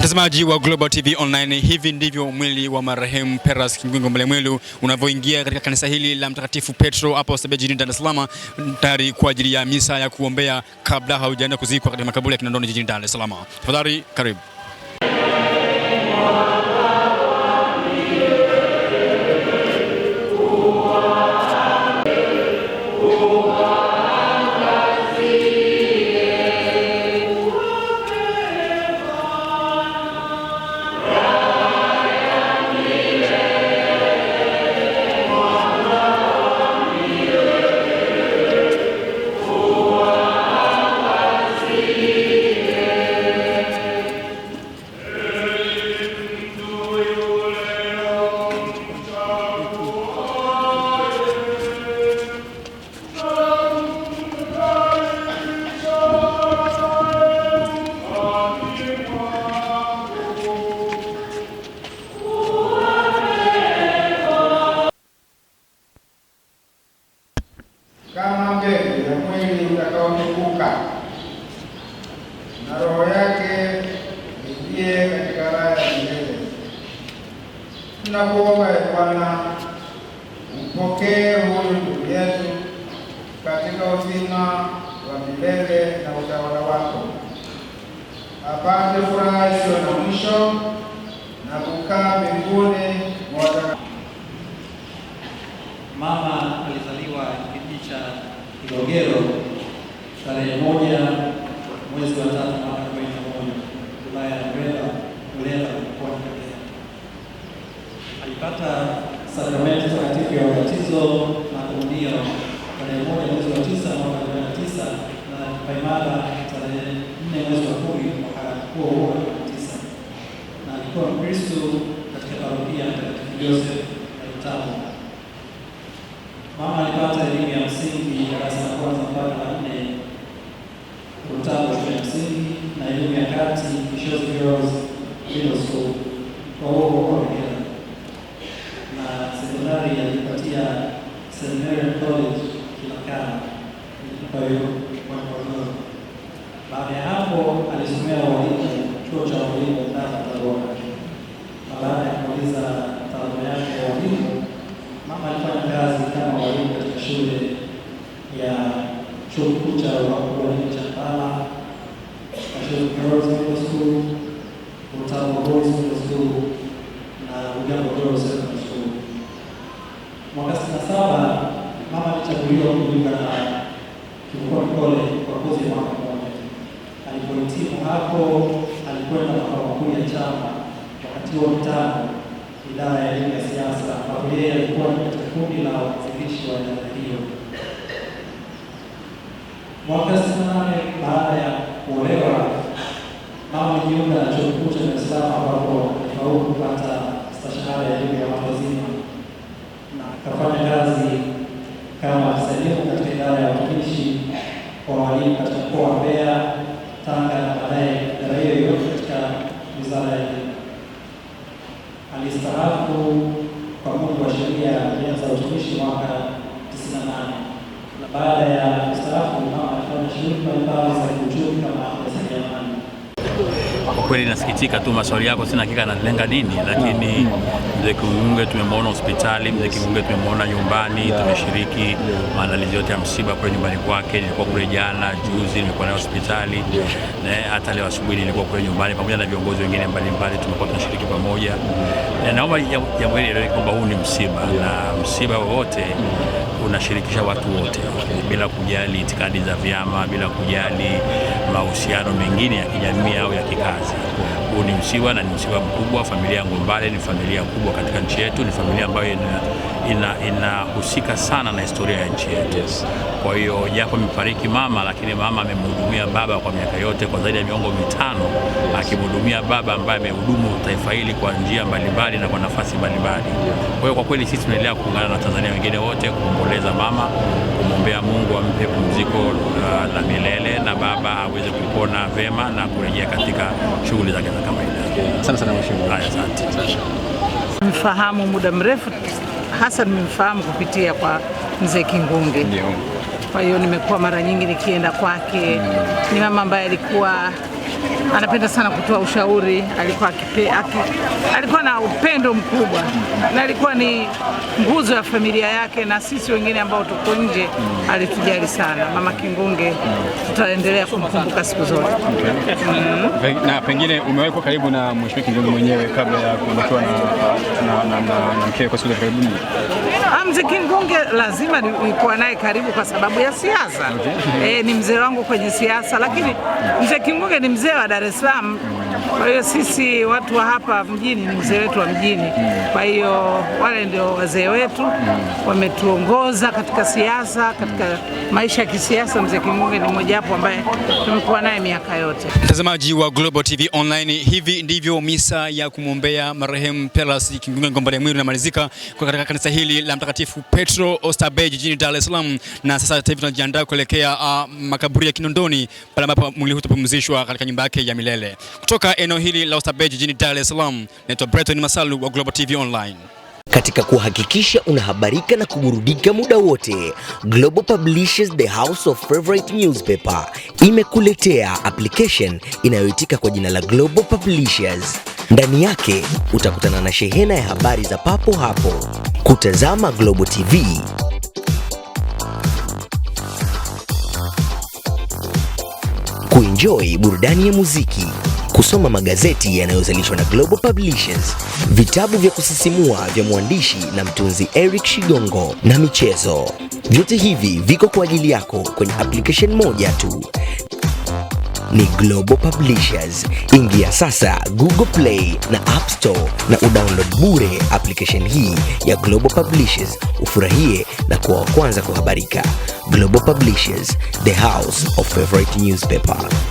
Mtazamaji wa Global TV Online, hivi ndivyo mwili wa marehemu Peras kingwingo Mlemwelu unavyoingia katika kanisa hili la Mtakatifu Petro hapo Sabia jijini Dar es Salaam, tayari kwa ajili ya misa ya kuombea kabla haujaenda kuzikwa katika makaburi ya Kinondoni jijini Dar es Salaam. Tafadhali karibu. kama mbegu ya mwili utakaotukuka na roho yake ingie katika raha ya milele. Tunakuomba ya Bwana, mpokee huyu ndugu yetu katika uzima wa milele na utawala wako, apate furaha isiyo na mwisho na kukaa mbinguni. Mama alizaliwa cha Kilogero tarehe moja mwezi wa tatu mwaka arobaini na moja wilaya ya Ulela mkoani Kagera. Alipata sakramenti takatifu ya ubatizo na komunio tarehe moja mwezi wa tisa mwaka arobaini na tisa na kipaimara tarehe nne mwezi wa kumi mwaka huo huo arobaini na tisa na alikuwa Mkristo katika parokia Mtakatifu Joseph na Rutamo. msingi darasa la kwanza mpaka la nne Rutabo shule ya msingi na elimu ya kati Kishozi Girls Middle School kwa uokoa na sekondari alipatia Seminary College Kilakana kwa hiyo Baada ya hapo alisomea ualimu chuo cha ualimu ndani ya Tabora. Baada ya kumaliza taaluma yake ya ualimu, mama alifanya kazi kama walimu katika shule ya chuo kikuu cha wakuu cha Mbagala, Ashek School, Mtama Boys School na Ugambo Girls School. Mwaka sitini na saba mama alichaguliwa kujiunga na Kivukwa Kikole kwa kozi ya mwaka mmoja. Alipohitimu hapo alikwenda makao makuu ya chama wakati huo mitano idara ya elimu ya siasa, ambapo yeye alikuwa katika kundi la wawakilishi wa idara hiyo. Mwaka sitini na nane baada ya kuolewa, mama alijiunga na chuo kikuu cha Dar es Salaam ambapo alifaulu kupata stashahada ya elimu ya watu wazima na akafanya kazi kama salimu katika idara ya utumishi kwa walimu katika mkoa wa Mbeya, Tanga na baadaye idara hiyo hiyo katika wizara ya elimu. Alistaafu kwa mujibu wa sheria ya utumishi mwaka tisini na nane na baada ya kustaafu shughuli mbalimbali za kiuchumi kama ujasiriamali. Kwa kweli nasikitika tu, maswali yako sina hakika nalenga nini, lakini mzee Kimunge tumemwona hospitali, mzee Kimunge tumemwona nyumbani, tumeshiriki maandalizi yote ya msiba kule nyumbani kwake. Nilikuwa kule jana juzi, nilikuwa naye hospitali, na hata leo asubuhi nilikuwa kule nyumbani pamoja na viongozi wengine mbalimbali, tumekuwa tunashiriki pamoja. Naomba jambo hili kwamba huu ni msiba na msiba wowote unashirikisha watu wote bila kujali itikadi za vyama, bila kujali mahusiano mengine ya kijamii au ya kikazi huu ni msiwa na ni msiwa mkubwa. Familia ya Ngombale ni familia kubwa katika nchi yetu, ni familia ambayo inahusika ina, ina sana na historia ya nchi yetu yes. Kwa hiyo japo amefariki mama, lakini mama amemhudumia baba kwa miaka yote, kwa zaidi ya miongo mitano yes. akimhudumia baba ambaye amehudumu taifa hili kwa njia mbalimbali na kwa nafasi mbalimbali. Kwa hiyo kwa kweli sisi tunaendelea kuungana na Tanzania wengine wote kuomboleza mama, kumwombea Mungu ampe pumziko uh, la milele na baba aweze kupona vema na kurejea katika shughuli zake kama kawaida. Sana sana mheshimiwa. Haya, asante. Mfahamu muda mrefu hasa nimemfahamu kupitia kwa mzee Kingunge. Ndio. Kwa hiyo nimekuwa mara nyingi nikienda kwake. Mm. Ni mama ambaye alikuwa anapenda sana kutoa ushauri, alikuwa akipe, aki, alikuwa na upendo mkubwa na alikuwa ni nguzo ya familia yake na sisi wengine ambao tuko nje, alitujali sana. Mama Kingunge tutaendelea kumkumbuka siku zote. Okay. Mm. Na pengine umewekwa kuwa karibu na Mheshimiwa Kingunge mwenyewe kabla ya kuondokewa na, na, na, na, na mkewe kwa siku za karibuni? Ah, mzee Kingunge lazima nilikuwa naye karibu kwa sababu ya siasa. Okay. E, ni mzee wangu kwenye siasa, lakini mzee Kingunge ni mzee mzee wa Dar es Salaam. Kwa hiyo sisi watu wa hapa mjini ni mzee wetu wa mjini, kwa hiyo wale ndio wazee wetu, wametuongoza katika siasa, katika maisha ya kisiasa. Mzee Kingunge ni wapo ambaye tumekuwa naye miaka yote. Mtazamaji wa Global TV Online, hivi ndivyo misa ya kumwombea marehemu Pelas Kingunge Ngombale Mwiru inamalizika kwa katika kanisa hili la Mtakatifu Petro Oysterbay jijini Dar es Salaam, na sasa hivi tunajiandaa kuelekea uh, makaburi ya Kinondoni pale ambapo mwili huu utapumzishwa katika nyumba nyumba yake ya milele. Kutoka eneo hili la Oysterbay jijini Dar es Salaam, naitwa Breton Masalu wa Global TV Online. Katika kuhakikisha unahabarika na kuburudika muda wote, Global Publishers The House of Favorite Newspaper imekuletea application inayoitika kwa jina la Global Publishers. Ndani yake utakutana na shehena ya habari za papo hapo, kutazama Global TV kuenjoy burudani ya muziki, kusoma magazeti yanayozalishwa na Global Publishers, vitabu vya kusisimua vya mwandishi na mtunzi Eric Shigongo na michezo. Vyote hivi viko kwa ajili yako kwenye application moja tu ni Global Publishers. Ingia sasa Google Play na App Store na udownload bure application hii ya Global Publishers, ufurahie na kuwa wa kwanza kuhabarika. Global Publishers, the house of favorite newspaper.